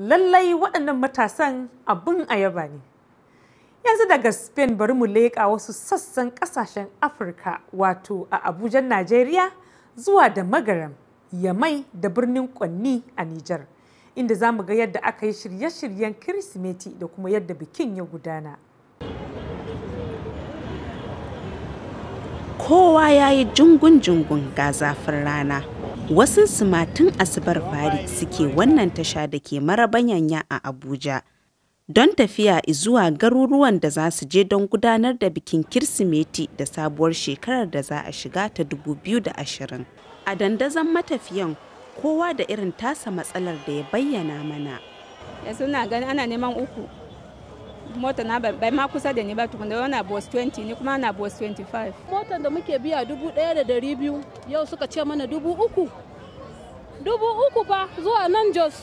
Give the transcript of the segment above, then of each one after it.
lallai waɗannan matasan abin yaba ne. Yanzu daga Spain bari mu leƙa wasu sassan ƙasashen Afirka wato a Abuja, Najeriya zuwa da Magaram, Yamai da birnin Kwanni a Nijar, inda za mu ga yadda aka yi shirye-shiryen Kirsimeti da kuma yadda bikin ya gudana. Kowa ya yi jungun-jungun ga zafin rana. wasu sumatun asibar fari suke wannan tasha da ke yanya a abuja don tafiya zuwa garuruwan da za su je don gudanar da bikin kirsimeti da sabuwar shekarar da za a shiga ta 2020 a dandazon matafiyan kowa da irin tasa matsalar da ya bayyana mana ya na gani ana neman uku mota na ba ma kusa da ni ba tukunda na boss 20 ni kuma na boss 25 motar da muke biya dubu ɗaya da dari biyu yau suka ce mana dubu uku dubu uku ba zuwa nan jos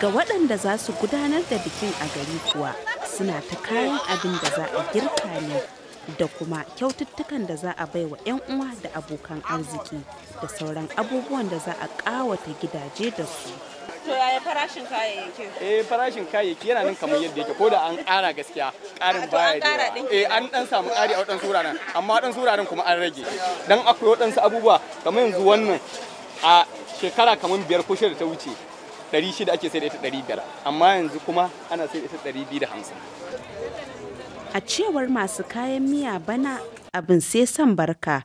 ga waɗanda za su gudanar da bikin a gari kuwa suna ta kayan abin da za a girka ne da kuma kyaututtukan da za a bai wa 'yan uwa da abokan arziki da sauran abubuwan da za a ƙawata gidaje da su To yaya farashin kayayyaki? Eh farashin kayayyaki yana nan kamar yadda yake ko da an ƙara gaskiya ƙarin baya da Eh an dan samu ƙari a waɗansu wuraren amma waɗansu wuraren kuma an rage. Dan akwai wadansu abubuwa kamar yanzu wannan a shekara kamar biyar ko shida ta wuce ɗari shida ake sai da ita ɗari biyar amma yanzu kuma ana sai da ita ɗari biyu da hamsin. A cewar masu kayan miya bana abin sai san barka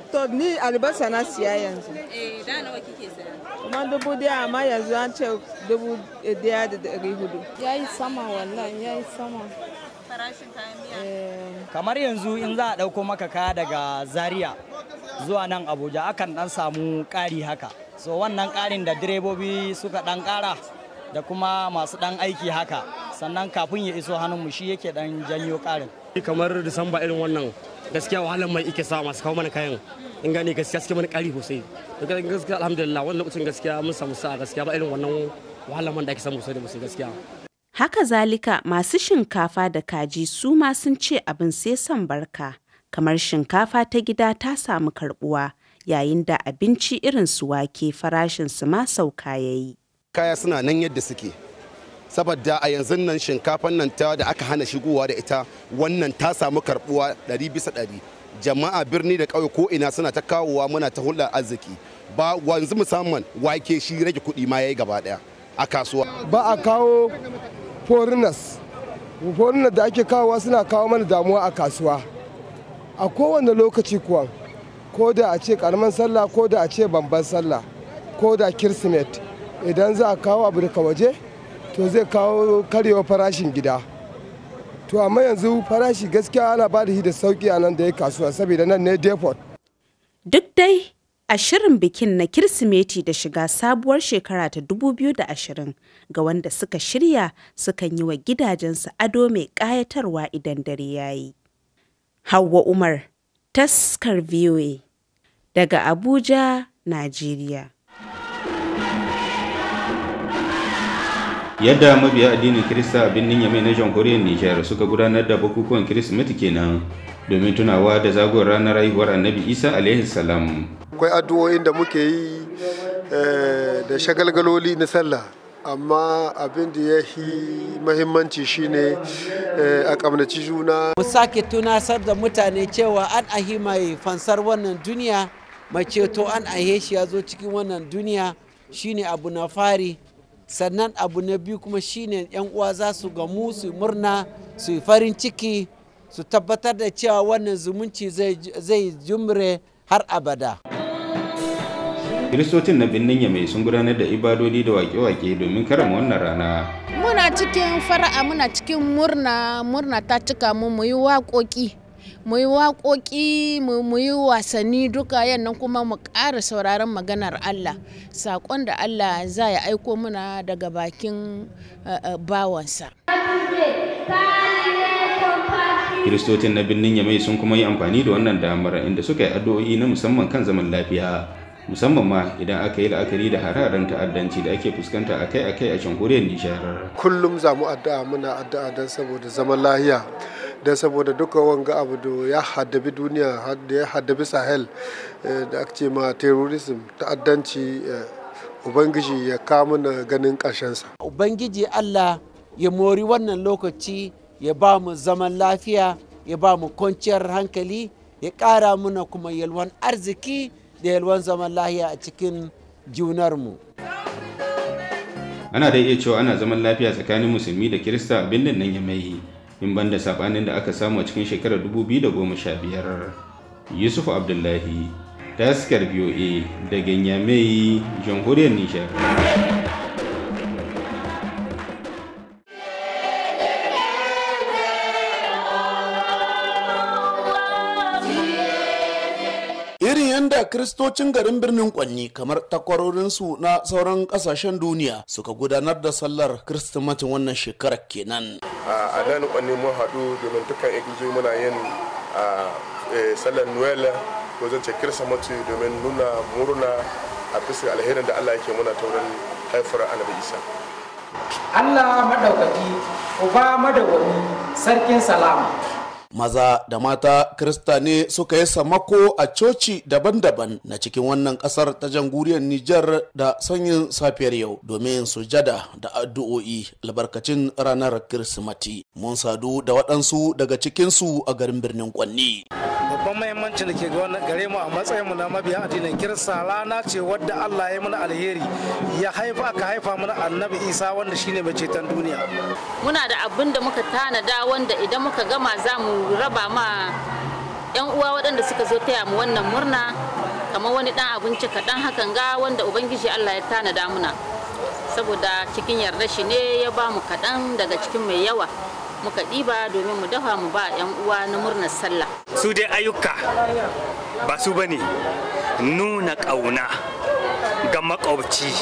laptop ni albasa na siya yanzu eh, kuma dubu daya amma yanzu an ce dubu daya da dari hudu eh. kamar yanzu in za a ɗauko maka kaya daga zaria zuwa nan abuja akan dan samu ƙari haka so wannan ƙarin da direbobi suka dan ƙara da kuma masu dan aiki haka sannan kafin ya iso hannunmu shi yake dan janyo ƙarin kamar disamba irin wannan gaskiya wahalar mai ike sa masu kawo mana kayan in gani gaskiya suke mana kari sosai gaskiya alhamdulillah wannan lokacin gaskiya mun samu sa gaskiya ba irin wannan wahalar man da ake samu sosai da musu gaskiya haka zalika masu shinkafa da kaji su ma sun ce abin sai san barka kamar shinkafa ta gida ta samu karbuwa yayin da abinci irin su wake farashin su ma sauka yayi kaya suna nan yadda suke saboda a yanzu nan shinkafan nan ta da aka hana shigowa da ita wannan ta samu karbuwa ɗari bisa ɗari jama'a birni da kauye ko ina suna ta kawowa muna ta hulɗar arziki ba wanzu musamman wake shi rage kuɗi ma yayi gaba ɗaya a kasuwa ba a kawo foreigners foreigners da ake kawowa suna kawo mana damuwa a kasuwa a kowane lokaci kuwa ko da a ce karamin sallah ko da a ce babban sallah ko da kirsimet idan za a kawo abu daga waje to zai kawo karewa farashin gida to amma yanzu farashi gaskiya ana ba da da sauki a nan da ya kasuwa saboda nan ne depot duk dai a shirin bikin na kirsimeti da shiga sabuwar shekara ta 2020 ga wanda suka shirya sukan yi wa gidajensu ado mai ƙayatarwa idan dare ya yi Hauwa Umar, taskar VOA, daga Abuja, Najeriya. yadda mabiya addinin kirista a birnin yamai na jamhuriyar nijar suka gudanar da bukukuwan kirismeti kenan domin tunawa da zagon ranar haihuwar annabi isa alaihi salam akwai addu'o'in da muke yi eh, da shagalgaloli na sallah amma abin da ya fi mahimmanci shine eh, a kamnaci juna mu sake tunasar da mutane cewa an ahi mai fansar wannan duniya mai ceto an ahe shi ya zo cikin wannan duniya shine abu na fari sannan abu na biyu kuma shine yan uwa za su gamu su murna su farin ciki su tabbatar da cewa wannan zumunci zai jumre har abada kiristocin na birnin yamai sun gudanar da ibadodi da wake-wake domin karama wannan rana muna cikin fara'a muna cikin murna murna ta cika mu mu yi waƙoƙi mu yi waƙoƙi mu yi wasanni duka yannan kuma mu ƙara sauraron maganar Allah saƙon da Allah za ya aiko muna daga bakin eh, eh, bawansa. kiristocin na birnin yamai sun kuma yi amfani da wannan damar inda suka yi addu'o'i na musamman kan zaman lafiya musamman ma idan aka yi la'akari da hararen ta'addanci da ake fuskanta akai-akai a jamhuriyar nishar kullum za mu addu'a muna addu'a don saboda zaman lafiya. don saboda duka wanga abu da ya haddabi duniya da ya haddabi sahel eh, da aka ce ma terrorism ta'addanci eh, ubangiji ya kamu na ganin ƙarshensa ubangiji allah ya mori wannan lokaci ya ba mu zaman lafiya ya ba mu kwanciyar hankali ya ƙara muna kuma yalwan arziki da yalwan zaman lafiya a cikin mu. ana da iya cewa ana zaman lafiya tsakanin musulmi da kirista a nan ya mai in da sabanin da aka samu a cikin shekarar 2015 yusuf abdullahi taskar boa daga nyamai jamhuriyar nijar yanda kristocin garin birnin kwanni kamar takwarorinsu na sauran kasashen duniya suka gudanar da sallar kristimatin wannan shekarar kenan. a nan kwanne mun haɗu domin dukkan igizoyi muna yin e, sallar noel ko zan ce mace domin nuna murna a bisa alherin da allah yake muna taurin haifar annabi isa allah madaukaki uba madawani sarkin salama maza da mata krista ne suka yi samako a coci daban-daban na cikin wannan kasar ta janguriyar nijar da sanyin safiyar yau domin sujada da addu'o'i albarkacin ranar kirsimati mun sadu da waɗansu daga cikinsu a garin birnin kwanni. babban mahimmancin da ke gare mu a matsayin mu na mabiya addinin kirista rana ce wadda Allah ya mun alheri ya haifa aka haifa mana annabi isa wanda shine mai ceton duniya muna da abin da muka tanada wanda idan muka gama za mu raba ma yan uwa waɗanda suka zo taya mu wannan murna kamar wani dan abinci kaɗan hakan ga wanda ubangiji Allah ya tanada muna saboda cikin yarda shi ne ya ba mu kaɗan daga cikin mai yawa muka ɗiba domin mu dafa mu ba 'yan uwa na murnar sallah su dai ayyuka ba su bane nuna ƙauna ga makwabci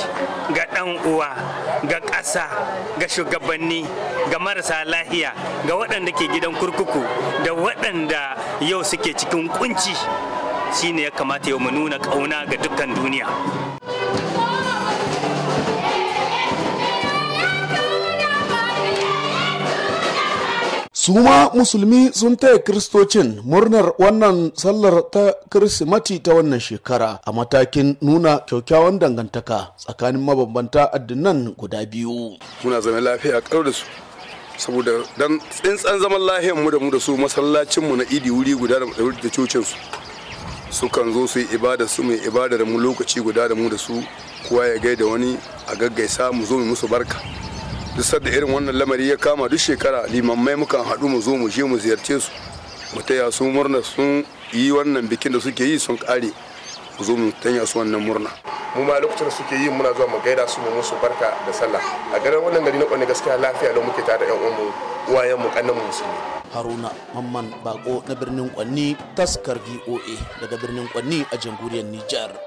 ga ɗan uwa ga ƙasa ga shugabanni ga marasa lahiya ga waɗanda ke gidan kurkuku da waɗanda yau suke cikin kunci shine ya kamata yau mu nuna ƙauna ga dukkan duniya su ma musulmi sun taya kiristocin murnar wannan sallar ta kirsimati ta wannan shekara a matakin nuna kyaukyawan dangantaka tsakanin mabambanta addinan guda biyu muna zama lafiya kar da su saboda dan tsintsan zaman lahiyar mu da mu da su masallacin na idi wuri guda da cocin su sukan zo su yi ibada su mai ibada da mu lokaci guda da mu da su kowa ya gaida wani a gaggaisa mu zo mu musu barka duk da irin wannan lamari ya kama duk shekara limammai mukan haɗu mu zo mu je mu ziyarce su mu taya su murna sun yi wannan bikin da suke yi sun ƙare mu zo mu taya su wannan murna mu ma lokacin da suke yi muna zuwa mu gaida su mu musu barka da sallah a garin wannan gari na kwanne gaskiya lafiya da muke tare da yan uwanmu uwayen mu kannan mu musulmi haruna mamman bako na birnin kwanni taskar voa daga birnin kwanni a jamhuriyar nijar